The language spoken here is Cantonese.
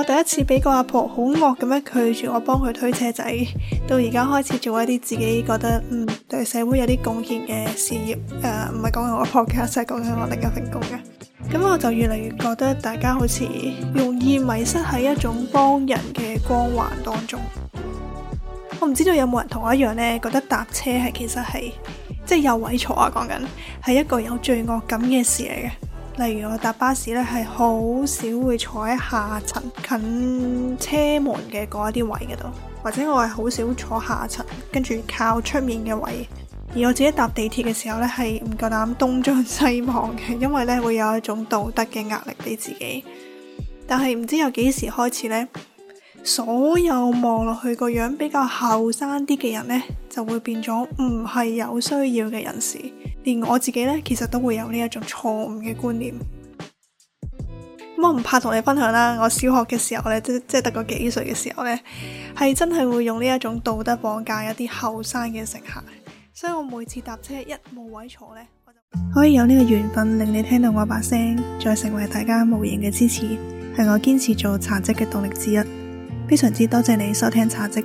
我第一次俾個阿婆好惡咁樣拒絕我幫佢推車仔，到而家開始做一啲自己覺得嗯對社會有啲貢獻嘅事業，誒唔係講緊我阿婆嘅，而係講緊我另一份工嘅。咁我就越嚟越覺得大家好似容易迷失喺一種幫人嘅光環當中。我唔知道有冇人同我一樣呢？覺得搭車係其實係即係有位坐啊，講緊係一個有罪惡感嘅事嚟嘅。例如我搭巴士咧，係好少會坐喺下層近車門嘅嗰一啲位嘅度，或者我係好少坐下層跟住靠出面嘅位。而我自己搭地鐵嘅時候咧，係唔夠膽東張西望嘅，因為咧會有一種道德嘅壓力俾自己。但係唔知由幾時開始咧，所有望落去個樣比較後生啲嘅人咧，就會變咗唔係有需要嘅人士。連我自己咧，其實都會有呢一種錯誤嘅觀念。我唔怕同你分享啦，我小學嘅時候咧，即即係得個幾歲嘅時候咧，係真係會用呢一種道德綁架一啲後生嘅乘客。所以我每次搭車一冇位坐呢，我就可以有呢個緣分令你聽到我把聲，再成為大家無形嘅支持，係我堅持做茶嘖嘅動力之一。非常之多謝你收聽茶嘖。